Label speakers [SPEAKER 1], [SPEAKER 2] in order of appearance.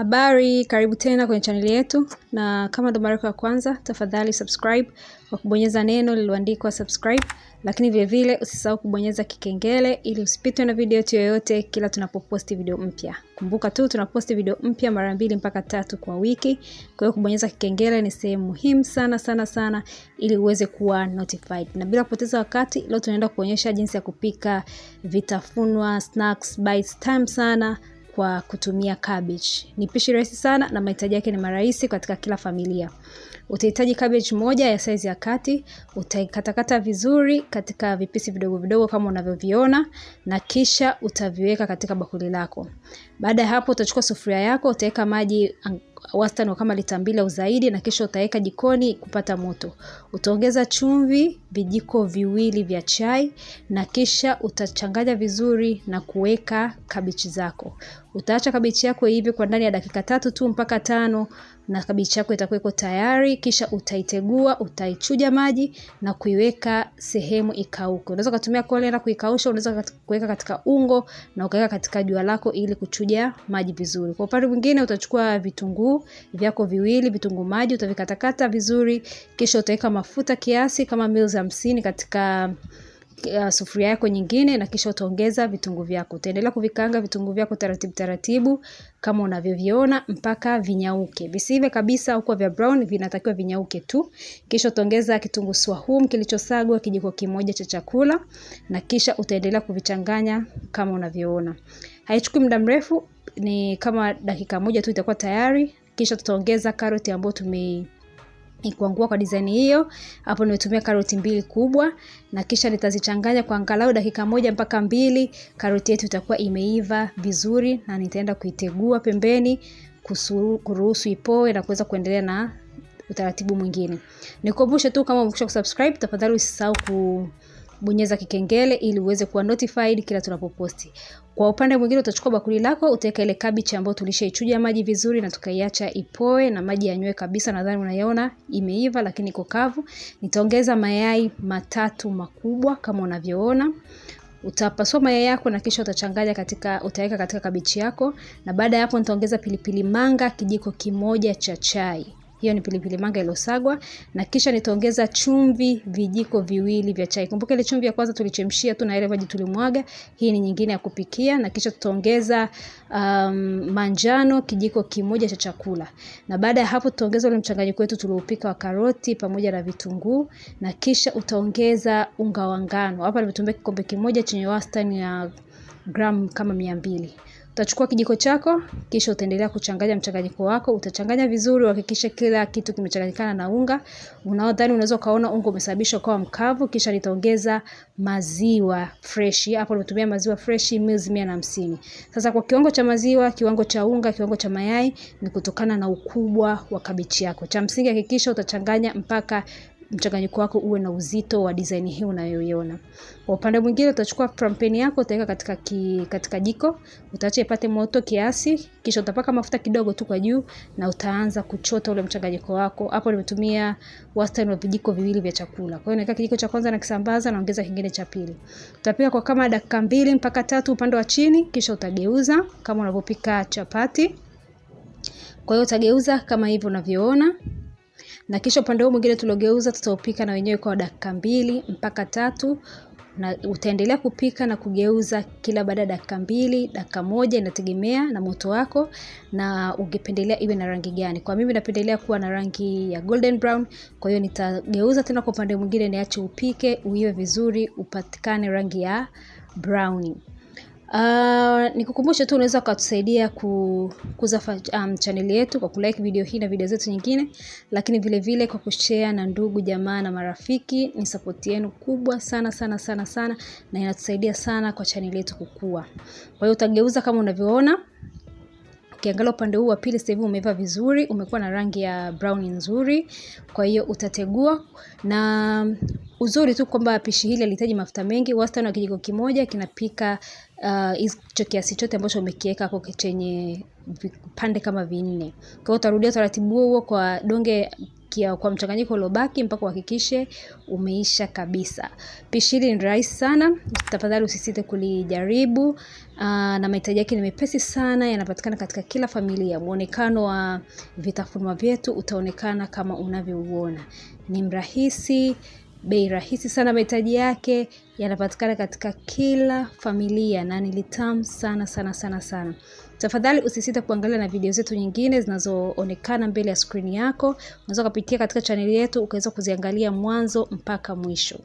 [SPEAKER 1] Habari, karibu tena kwenye chaneli yetu, na kama ndo mara ya kwanza, tafadhali subscribe kwa kubonyeza neno lililoandikwa subscribe, lakini vilevile usisahau kubonyeza kikengele ili usipitwe na video yetu yoyote kila tunapoposti video mpya. Kumbuka tu tunaposti video mpya mara mbili mpaka tatu kwa wiki, kwa hiyo kubonyeza kikengele ni sehemu muhimu sana sana sana ili uweze kuwa notified. Na bila kupoteza wakati, leo tunaenda kuonyesha jinsi ya kupika vitafunwa snacks bites tamu sana kwa kutumia cabbage. Ni pishi rahisi sana na mahitaji yake ni marahisi katika kila familia. Utahitaji cabbage moja ya saizi ya kati, utaikatakata vizuri katika vipisi vidogo vidogo kama unavyoviona na kisha utaviweka katika bakuli lako. Baada ya hapo utachukua sufuria yako, utaweka maji wastani wa kama lita mbili au zaidi, na kisha utaweka jikoni kupata moto. Utaongeza chumvi vijiko viwili vya chai, na kisha utachanganya vizuri na kuweka kabichi zako. Utaacha kabichi yako hivi kwa ndani ya dakika tatu tu mpaka tano na kabichi yako itakuwa iko tayari. Kisha utaitegua, utaichuja maji na kuiweka sehemu ikauke. Unaweza kutumia kole na kuikausha, unaweza kuweka katika ungo na ukaweka katika jua lako ili kuchuja maji vizuri. Kwa upande mwingine, utachukua vitunguu vyako viwili, vitunguu maji utavikatakata vizuri, kisha utaweka mafuta kiasi kama ml hamsini katika uh, sufuria yako nyingine na kisha utaongeza vitunguu vyako. Utaendelea kuvikaanga vitunguu vyako taratibu taratibu kama unavyoviona mpaka vinyauke. Visive kabisa huko vya brown, vinatakiwa vinyauke tu. Kisha utaongeza kitunguu swaumu kilichosagwa kijiko kimoja cha chakula na kisha utaendelea kuvichanganya kama unavyoona. Haichukui muda mrefu, ni kama dakika moja tu itakuwa tayari. Kisha tutaongeza karoti ambayo tume ikuangua kwa design hiyo. Hapo nimetumia karoti mbili kubwa na kisha nitazichanganya kwa angalau dakika moja mpaka mbili. Karoti yetu itakuwa imeiva vizuri, na nitaenda kuitegua pembeni kuruhusu ipoe na kuweza kuendelea na utaratibu mwingine. Nikukumbushe tu kama umekwisha kusubscribe, tafadhali usisahau ku bonyeza kikengele ili uweze kuwa notified kila tunapoposti. Kwa upande mwingine, utachukua bakuli lako, utaweka ile kabichi ambayo tulishaichuja maji vizuri na tukaiacha ipoe na maji yanywe kabisa. Nadhani unaiona imeiva, lakini iko kavu. Nitaongeza mayai matatu makubwa kama unavyoona. Utapasua mayai yako na kisha utachanganya katika, utaweka katika kabichi yako, na baada ya hapo nitaongeza pilipili manga kijiko kimoja cha chai. Hiyo ni pilipili manga iliyosagwa, na kisha nitaongeza chumvi vijiko viwili vya chai. Kumbuka ile chumvi ya kwanza tulichemshia tu na ile maji tulimwaga, hii ni nyingine ya kupikia. Na kisha tutaongeza um, manjano kijiko kimoja cha chakula, na baada ya hapo tutaongeza ule mchanganyiko wetu tuliopika wa karoti pamoja na vitunguu, na kisha utaongeza unga wa ngano. Hapa nimetumia kikombe kimoja chenye wastani ya gramu kama mia mbili. Utachukua kijiko chako kisha utaendelea kuchanganya mchanganyiko wako, utachanganya vizuri, uhakikishe kila kitu kimechanganyikana na unga. Unaodhani unaweza ukaona unga umesababishwa kwa mkavu, kisha nitaongeza maziwa freshi. Hapo nimetumia maziwa freshi mils mia na hamsini. Sasa kwa kiwango cha maziwa, kiwango cha unga, kiwango cha mayai ni kutokana na ukubwa wa kabichi yako. Cha msingi hakikisha utachanganya mpaka mchanganyiko wako uwe na uzito wa design hii unayoiona. Kwa upande mwingine, utachukua frampen yako utaweka katika, ki, katika jiko, utaacha ipate moto kiasi, kisha utapaka mafuta kidogo tu kwa juu na utaanza kuchota ule mchanganyiko wako. Hapo nimetumia wastani wa vijiko viwili vya chakula. Kwa hiyo naweka kijiko cha kwanza na kisambaza, naongeza kingine cha pili. Utapika kwa kama dakika mbili mpaka tatu upande wa chini, kisha utageuza kama unavyopika chapati. Kwa hiyo utageuza kama hivyo unavyoona na kisha upande huu mwingine tuliogeuza tutaupika na wenyewe kwa dakika mbili mpaka tatu na utaendelea kupika na kugeuza kila baada ya dakika mbili dakika moja, inategemea na moto wako na ungependelea iwe na rangi gani. Kwa mimi napendelea kuwa na rangi ya golden brown, kwa hiyo nitageuza tena kwa upande mwingine, niache upike uiwe vizuri, upatikane rangi ya brown. Uh, nikukumbushe tu unaweza ukatusaidia kukuza um, chaneli yetu kwa kulike video hii na video zetu nyingine, lakini vile vile kwa kushare na ndugu jamaa na marafiki. Ni support yenu kubwa sana sana sana sana, na inatusaidia sana kwa chaneli yetu kukua. Kwa hiyo utageuza kama unavyoona, ukiangalia upande huu wa pili, sasa hivi umeiva vizuri, umekuwa na rangi ya brown nzuri. Kwa hiyo utategua na uzuri tu kwamba pishi hili halihitaji mafuta mengi. Wastani wa kijiko kimoja kinapika hicho uh, kiasi chote ambacho umekiweka hapo chenye vipande kama vinne. Kwa hiyo utarudia utaratibu huo kwa donge kia, kwa mchanganyiko uliobaki mpaka uhakikishe umeisha kabisa. Pishi hili ni rahisi sana, tafadhali usisite kulijaribu. Uh, na mahitaji yake ni mepesi sana, yanapatikana katika kila familia. Muonekano wa vitafunwa vyetu utaonekana kama unavyouona, ni mrahisi bei rahisi sana, mahitaji yake yanapatikana katika kila familia na ni litamu sana sana sana sana. Tafadhali usisite kuangalia na video zetu nyingine zinazoonekana mbele ya skrini yako. Unaweza kupitia katika chaneli yetu ukaweza kuziangalia mwanzo mpaka mwisho.